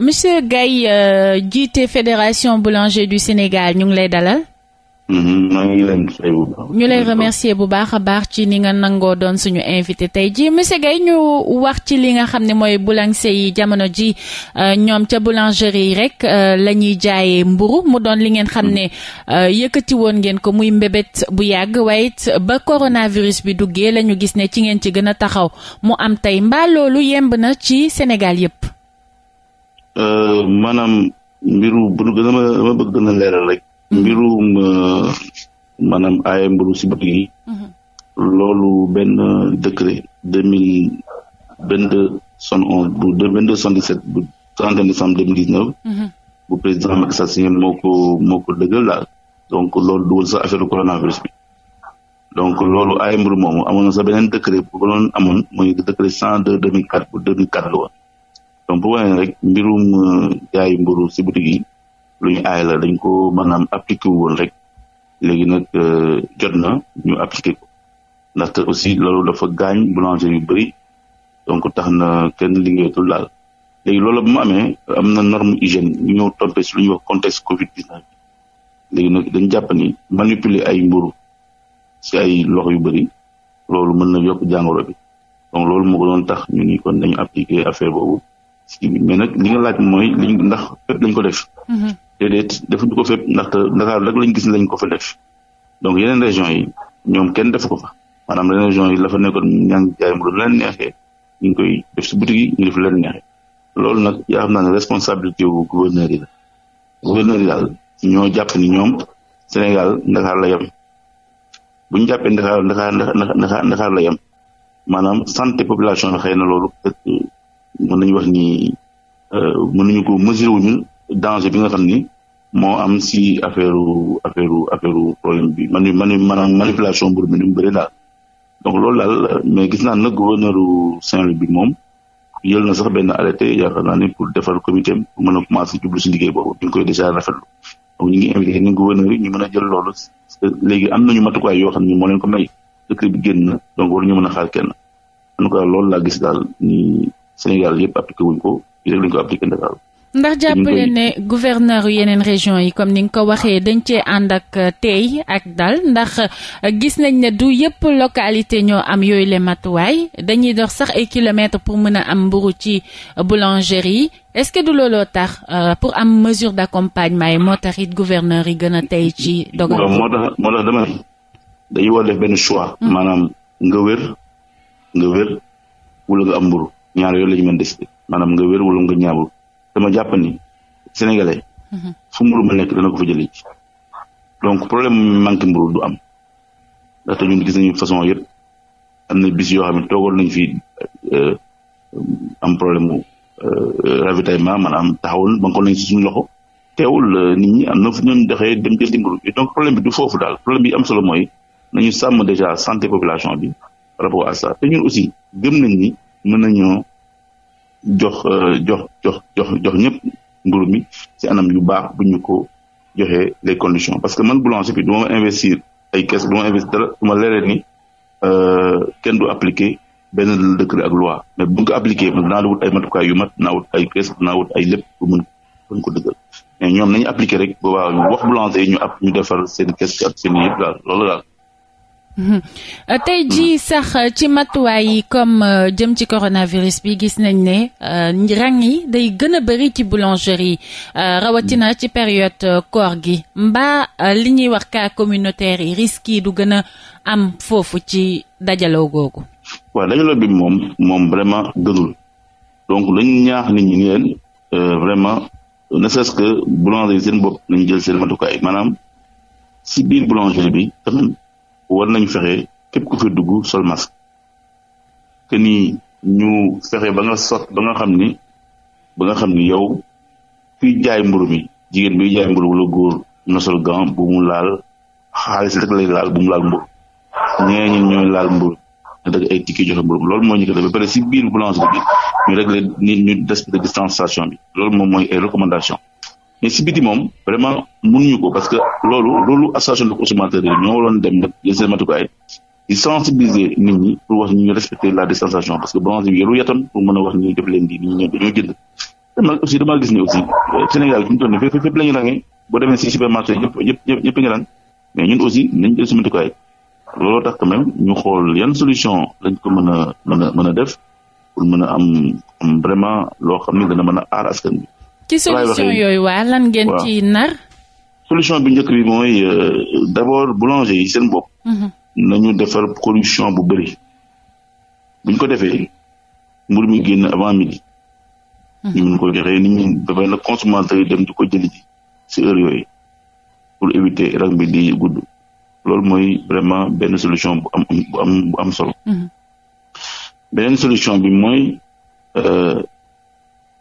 monsieur Gaye euh, jiite fédération boulanger du Sénégal ñu ngi lay dalal. Mhm, ñu lay remercier bu baax a baax ci ni nga nangoo doon suñu invité tey jii monsieur Gaye ñu wax ci li nga xam ne mooy boulanger yi jamono ji euh, ñoom ca boulangerie yi rek euh, la ñuy jaayee mburu mu doon li ngeen xam ne euh, yëkkati woon ngeen ko muy mbébét bu yàgg waaye it ba coronavirus bi duggee la ñu gis ne ci ngeen ci gën a taxaw mu am tey mbaa loolu yemb na ci Sénégal yépp Euh, maanaam mbiru bu dama dama bëgg gën a rek. Mm-hmm. mbirum euh, maanaam aaye mburu si bëgg yi. Mm-hmm. loolu benn décret deux mille vingt deux soixante onze bu vingt deux soixante dix sept bu trente décembre deux mille dix neuf. Mm-hmm. bu président Macky Sall signé moo ko moo ko dëggal daal donc loolu dugal sa coronavirus donc loolu ay mburu moomu amoon na beneen décret bu ko doon amoon cent deux deux mille quatre deux mille quatre la donc bu wane rek mbirum jaayu euh, mburu si boutique yi lu ñu aay dañ ko maanaam appliqué wu rek léegi nag euh, jot na ñu appliqué ko ndaxte aussi loolu dafa gaañ boulanger yu bëri donc tax na kenn liggéeyatul daal léegi loolu bu amee am na norme hygiène ño ñëw si lu ñuy wax contexte Covid 19 léegi nag dañ jàpp ni manipuler ay mburu si ay loxo yu bëri loolu mën na yokk jàngoro bi donc loolu moo ko doon tax ñu ni kon dañu appliquer affaire boobu mais nag li nga laaj mooy liñ ndax fépp lañ ko def. Mm-hmm. déedéet defuñu ko fépp ndaxte lañ gis ne lañ ko fa def donc yeneen région yi ñoom kenn def ko fa maanaam yeneen région yi la fa nekkoon ñaa jaay mu lu leen neexee ñu ngi koy def si boutique yi ñu def leen neexee loolu nag yaa xam ne responsabilité wu gouverneur yi daal ñoo jàpp ni ñoom Sénégal Ndakaar la yem bu ñu jàppee Ndakaar Ndakaar Ndakaar la yem maanaam santé population o xëy na loolu mën nañu wax ni euh, mën nañu ko mesurer wuñu danger bi nga xam ni moo am si affaire affaire affaire problème bi manu manu maanaam manipulation mburu mi ni mu bëree daal donc loolu daal mais gis naa nag gouverneur Saint-Louis bi moom yël na sax benn arrêté yaakaar naa ne pour defar comité pour mën a commencé jublu si liggéey boobu ñu ngi koy déjà rafetlu donc ñu ngi invité ni gouverneur yi ñu a jël loolu parce que léegi am nañu matukaay yoo xam ne moo leen ko may dëkk bi génn na donc waruñu mën a xaar kenn en tout cas loolu laa gis daal Sénégal yëpp appliqué wuñ ko fii rek ko appliqué ndax jàppale ne gouverneur yeneen région yi comme ni nga ko waxee dañ cee ànd ak euh, tey ak dal ndax euh, gis nañ ne du yëpp localité ñoo am yooyu le matuwaay dañuy dox sax ay kilomètres pour mën a am mburu ci euh, boulangerie yi est-ce que du looloo tax pour am mesure d'accompagnement yi moo tax it gouverneur yi gën a tey ci dogal moo tax dama dañuy war def benn choix hmm. maanaam nga wér nga wér wala nga am mburu ñaar yooyu la ñu mën décider maanaam nga wér wala nga ñaawul dama jàpp ni sénégalais. Mhm. fu mburu ma nekk dana ko fa jëlee donc problème mu manqué mburu du am ndaxte ñun gis nañu façon am na bis yoo xam ne toogoon nañu fi euh, am problème mu euh, ravitaillement maanaam taxawul ba nga ko nañ si teewul euh, nit ñi am na fu ñoom doxee dem jël di mburu donc problème bi du foofu daal problème bi am solo mooy nañu sàmm déjà santé population bi par rapport à ça te aussi gëm nañ ni. mën nañoo jox euh, jox jox jox jox ñëpp mburu mi ci anam yu baax bu ñu ko joxee les condition parce que man boulanger bi du ma investir ay caisse du ma investir dara du ma leeree ni euh, kenn du appliquer benn décret ak loi mais bu ñu ko appliquer man ay matukaay yu mat dinaa wut ay caisse dinaa lépp pour mën ko ko dëggal mais ñoom nañu appliquer rek boobaa wax boulanger ñu app ñu defar seen caisse ak seen yëpp daal daal. Euh, tey jii sax euh, ci matuwaay yi comme euh, jëm ci coronavirus bi gis nañ ne rang yi day gën a bëri ci boulangerie rawatina ci période koor gi mbaa li ñuy wax ka communautaire yi risques yi du gën a am foofu ci dajaloo googu. waaw dajaloo bi moom moom vraiment gënul donc lañu ñaax nit ñi vraiment ne serait-ce que boulangerie seen bopp nañu jël seen matukaay maanaam si biir boulangerie bi war nañ fexe képp ku fi dugg sol masque que ni ñu fexe ba nga sot ba nga xam ni ba nga xam ni yow kuy jaay mburu mi jigéen bi jaay mburu wala góor na sol gant bu mu laal xaalis rek lay laal bu mu laal mburu ñee ñi ñooy laal mburu na dëgg ay tikki joxe mburu loolu moo ñu ko def ba pare si biir boulangerie bi ñu régler ni ñu respecté distanciation bi loolu moom mooy ay recommandation mais si biti moom vraiment mënuñu ko parce que loolu association de consommateurs yi ñoo waroon dem nag sensibiliser nit ñi pour wax ñu respecter la distanciation parce que branche bi yoru pour mën a wax ñu def leen di nit ñi dañoo jënd dama aussi damaa gis tax quand ñu xool yan solution lañ ko mën a mën a mën a def pour mën a am ne dana mën a ci solution yooyu waa lan ngeen ci nar. solution bi njëkk bi mooy euh, d' abord boulanger yi seen bopp. Mhm. nañu defar production bu bëri buñ ko defee mburu mi génn avant midi. Mhm. ñu mun ko joxee nit ñi dafay nag consommateur yi dem di ko jëli ji si heure yooyu pour éviter rang bi di gudd loolu mooy vraiment benn solution bu am bu am bu mhm. solution bi mooy euh,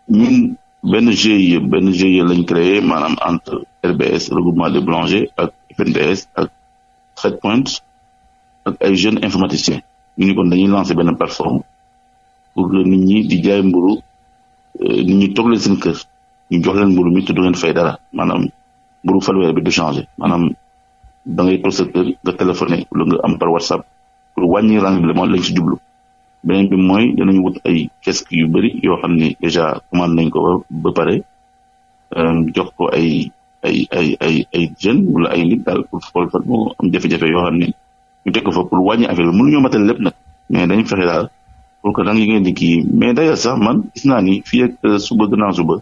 ñun benn GIE benn GIE lañ créer maanaam entre RBS regroupement des boulangers ak FNDS ak Trade Point ak ay jeunes informaticiens ñu ni kon dañuy lancer benn plateforme pour que nit ñi di jaay mburu euh, nit ñi toog leen seen kër ñu jox leen mburu mi te du ngeen fay dara maanaam mburu fanweer bi du changé maanaam da ngay toog sa kër nga téléphoné lu nga am par WhatsApp pour wàññi rang bi lañ si jublu beneen bi mooy danañ wut ay casque yu bëri yoo xam ne déjà commande nañ ko ba pare euh, jox ko ay ay ay ay ay wala ay nit daal pour xool fan moo jafe-jafe yoo xam ne ñu teg ko fa pour wàññi affaire bi mënuñoo matal lépp nag mais dañ fexe daal pour que rang yi ngeen di kii mais d'ailleurs sax man gis naa ni fii ak euh, suba gannaaw suba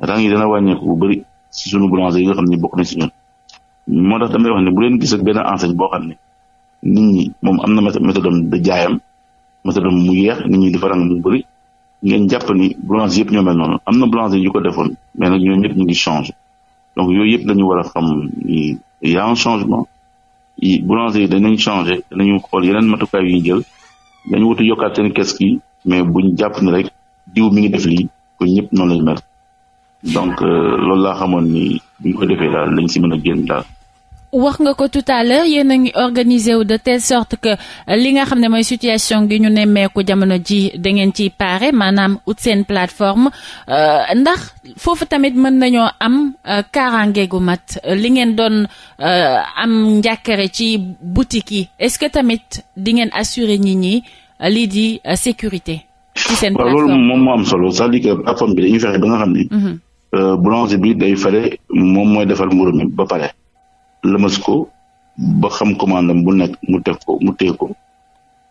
rang yi dana wàññeeku bu bëri si sunu boulanger yi nga xam ne bokk nañ si ñun moo tax damay wax ne bu leen gis ak benn enseigne boo xam ne nit ñi moom am na méthode de jaayam méthode mu yéex nit ñi di farang mu bëri ngeen jàpp ni boulanger yëpp ñoo mel noonu am na boulanger yu ko defoon mais nag ñoom ñëpp ñu ngi changé donc yooyu yëpp dañu war a xam ni y a un changement yi boulanger yi danañ changé danañu xool yeneen matukaay yu ñu jël dañu wutu yokkaat seen kees gi mais buñ jàpp ni rek diw mi ngi def lii ko ñëpp noonu lañ mel donc euh, loolu laa xamoon ni buñ ko defee daal lañ si mën a génn daal wax nga ko tout à l'heure yéen a ngi organisé wu de telle sorte que li nga xam ne mooy situation gi ñu nemmeeku jamono ji da ngeen ciy paare maanaam ut seen plateforme euh, ndax foofu tamit mën nañoo am euh, kaaraange gu mat li ngeen doon euh, am njàkkare ci boutique yi est-ce que tamit di ngeen assurer ñi ñi lii di sécurité. ci seen plateforme loolu moom moo am fexe ba nga xam ni. Mhm. boulanger bi day fare moom mooy defar mburu mi ba pare. lëmas ko ba xam commandam bu nekk mu teg ko mu téye ko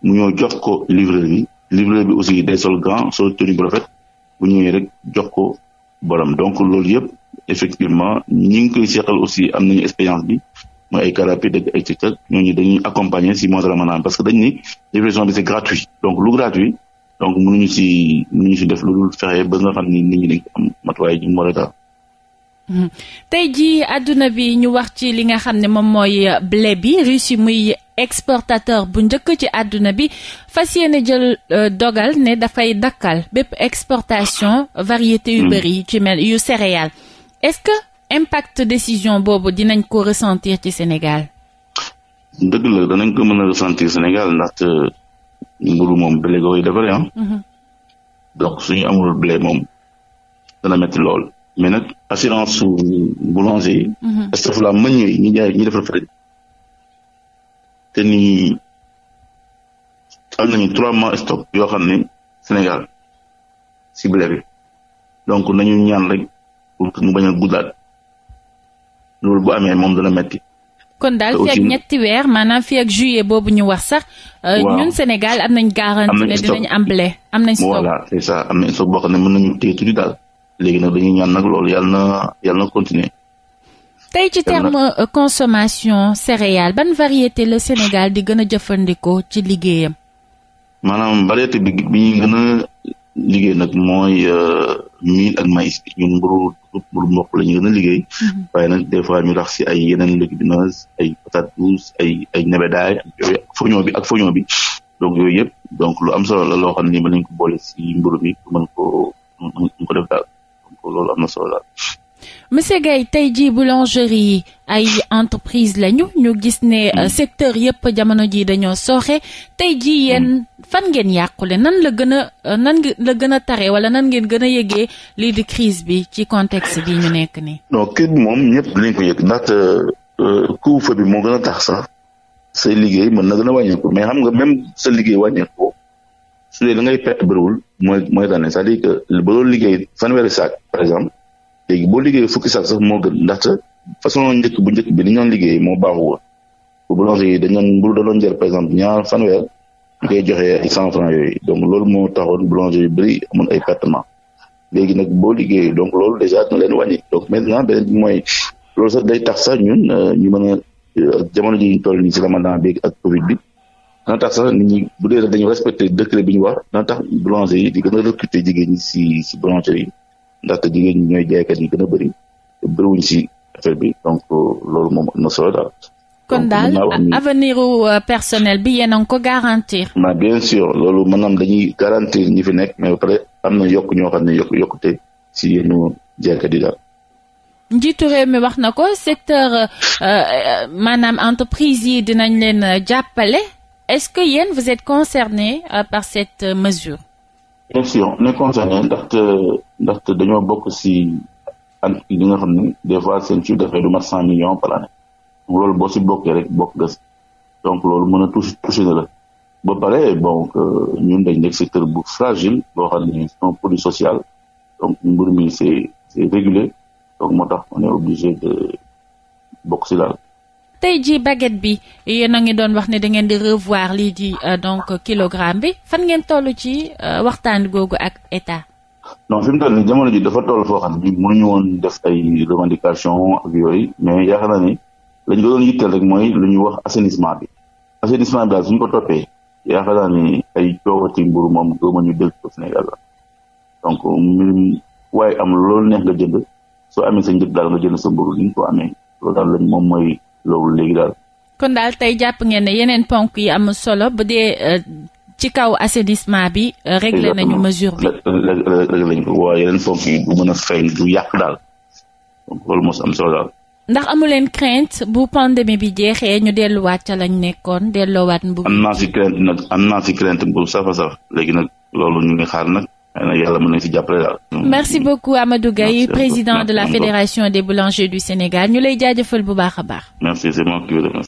mu jox ko livrer bi livreur bi aussi de sol gant sol tenue bu rafet bu ñëwee rek jox ko borom donc loolu yëpp effectivement ñi ngi koy seqal aussi am nañu expérience bi mooy ay car rapide ak ay tic ñooñu dañuy accompagner si mois de Ramadan parce que dañ ni livraison bi c'est gratuit donc lu gratuit donc mënuñu si mënuñu si def loolu fexe ba nga xam ni nit ñi am matuwaay ji mu war a Mm-hmm. tey jii àdduna bi ñu wax ci li nga xam ne moom mooy euh, blé bi Russie muy exportateur bu njëkk ci àdduna bi fas yéene jël euh, dogal ne dafay dakkal bépp exportation variété yu mm. bëri yu ci mel yu céréales est-ce que impact décision boobu dinañ ko ressentir ci Sénégal. dëgg ko mën a ressentir Sénégal ndaxte euh, mburu moom blé koy defaree ah. Mm-hmm. donc suñu amul blé moom dana metti lool. mais nag assurance su boulanger yi. astafurlah mën ñooy ñu jaay ñu defal frais te ni am nañu trois mois stock yoo xam ne Sénégal si blé bi donc nañu ñaan rek mu bañ a guddaat loolu bu amee moom dana metti kon daal fi ak ñetti weer maanaam fi juillet boobu ñu wax sax. Euh, ñun Sénégal am nañ garantie ne dinañ am blé am nañ stock voilà c'est ça am nañ stock boo xam ne mën nañu téye tuuti daal. léegi nag dañuy ñaan nag loolu yàlla na yàlla na continuer. tey ci terme euh, consommation céréale ban variété la Sénégal di gën a jëfandikoo ci liggéeyam. maanaam variété bi bi ñuy gën a liggéey nag mooy euh, mil ak maïs bi ñun mburu mburu mboq la ñu gën a liggéey. Mm-hmm. waaye nag des fois ñu rax si ay yeneen légumineuses ay patates douces ay nebedaay ak foño bi ak foño bi donc yooyu yëpp donc lu am solo la loo xam ne nii mën ko boole si mburu bi mën ko def daal. loolu am na solo daal. monsieur Gaye tey jii boulangerie yi ay entreprise lañu ñu gis ne euh, mm. secteur yëpp jamono ji dañoo soxe tey jii yéen mm. fan ngeen yàqule nan la gën a euh, nan la gën a tare wala nan ngeen gën a yëgee lii crise bi ci contexte bi ñu nekk ni non moom ñëpp dinañ ko yëg ndaxte euh, couvre-feu moo gën tax sax say liggéey mën na gën wàññeeku mais xam nga même sa liggéey wàññeeku su dee da ngay perte bëriwul mooy mooy tane c'est-à-dire ba loolu liggéey fanweeri saak par exemple léegi boo liggéey fukki saak sax moo gën ndaxte façon njëkk bu njëkk bi li ñoon liggéey moo baaxu woon bu boulangerie yi dañoon mburu da par exemple ñaar fanweer ñu koy joxee ay cent franc yooyu donc loolu moo taxoon boulangerie yu bëri amoon ay pertement léegi nag boo liggéey donc loolu déjà dina leen wàññi donc maintenant beneen bi mooy loolu sax day tax sax ñun euh, ñu mën a euh, jamono ji ñu toll nii si ramadan bi ak covid bi dana tax sax nit ñi bu dee dañu respecté décret bi ñu wax dana tax boulanger yi di gën a recruter jigéen ñi si si boulangerie yi ndaxte jigéen ñi ñooy jaaykat yi gën te bëriwuñ bi donc euh, loolu moom am na solo daal. kon daal avenir euh, bi yéen a ngi ko garantir. mais bien sûr loolu maanaam dañuy garantir ñi fi nekk mais ba pare am na yokk ñoo xam ne yokk yokkute si yenn jaaykat yi daal. njiitu réew mi wax na ko secteur euh, maanaam entreprise yi dinañ leen jàppale. Est-ce que yéen vous êtes concerné euh, par cette euh, mesure bien sûr on est concerné ndaxte ndaxte dañoo bokk si entreprise bi nga xam ne des fois seen chiffre d'affaires du mat cent millions par année loolu boo si bokkee rek bokk nga donc loolu mën a touché touché na la ba pare bon ñun dañ de secteur bu fragile boo xam ne c'est un produit social donc mbir mi c'est c'est régulé donc moo tax on est de bokk si daal tey ji baguette bi yéen a ngi doon wax ne da ngeen di revoir lii di euh, donc kilogramme bi fan ngeen toll ci euh, waxtaan googu ak état. non fi mu toll jamono ji dafa toll foo xam ne mënuñu woon def ay revendication ak yooyu mais yaakaar naa ni lañ ko doon yitteel rek mooy lu ñu wax assainissement bi assainissement bi daal suñ ko toppee yaakaar naa ni ay coowati mburu moom gëma ñu dégg ko Sénégal la donc waaye am loolu neex nga jënd soo amee sa njëg daal nga jënd sa mburu li ko amee loolu daal loolu léegi daal. kon daal tey jàpp ngeen ne yeneen ponk yi am solo bu dee euh, ci kaw assainissement bi. Euh, réglé nañu mesure bi réglé nañu ko waaye yeneen ponk yi du mën a fay du yàq daal loolu mos am solo daal. ndax amu leen crainte bu pandémie bi jeexee ñu delluwaat ca lañ nekkoon delloowaat. mbubu am naa si crainte am naa si crainte bu safa saf léegi nag loolu ñu ngi xaar nag. yàlla mën na si jàppale daal. merci beaucoup Amadou Gaye président de la fédération des boulangers du Sénégal ñu lay jaajëfal bu baax a baax. merci c'est moi